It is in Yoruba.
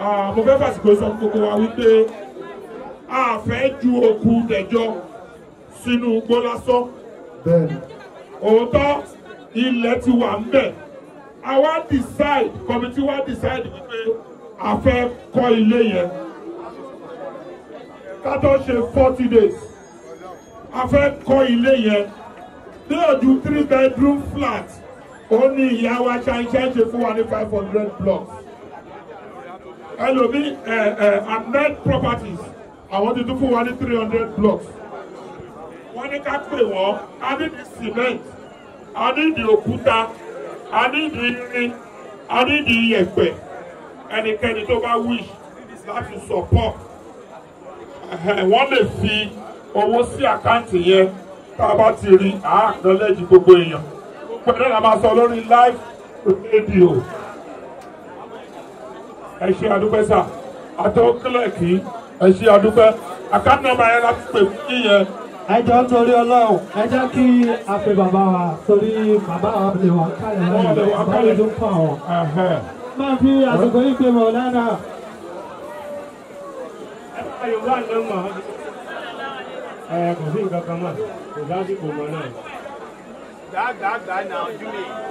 mo fẹ́ fàsìkò sọ gbogbo wa wípé a fẹ́ ju òkú tẹ̀jọ sínú igbó lásán òótọ́ ilẹ̀ ti wà ń bẹ̀ àwa decide committee wa decide wípé a fẹ́ kọ́ ilé yẹn ká ṣe forty days a fẹ́ kọ́ ilé yẹn ní ojú three bedroom flat ó ní ìyá wa ṣàǹṣẹ́ ṣe fún wa ní five hundred blocks ẹlòmí ẹ ẹ hundred properties àwọn ti tún fún wa ní three hundred blocks wọ́n ní ká pè wọ́n a ní di cement a ní di òkúta a ní di irin a ní di iyẹ̀pẹ̀ ẹnikẹ́ni tó bá wish láti support wọ́n lè fi owó sí àkáǹtì yẹn tá a bá ti rí àá gbogbo èèyàn gbogbo ẹ̀rọ la máa sọ lórí live radio ẹ ṣe àdúpẹ́ sà àtọ́ kílẹ̀kì ẹ ṣe àdúpẹ́ àkáǹtì yẹn láti pè fún yíyẹn. ẹ jọ ń torí ọlọ́run ẹ jẹ́ kí a pe bàbá wa torí bàbá wa lè wà kálẹ̀ lẹ́yìn báyìí ló ń pa ọ̀. máa fi àsìkò yìí pe mọ̀ lánà. ẹ bá yorùbá ní mọ̀ ẹ kò sí nǹkan kan mọ̀ kò dá sí kò mọ̀ náà. dáadáa náà ojú mi.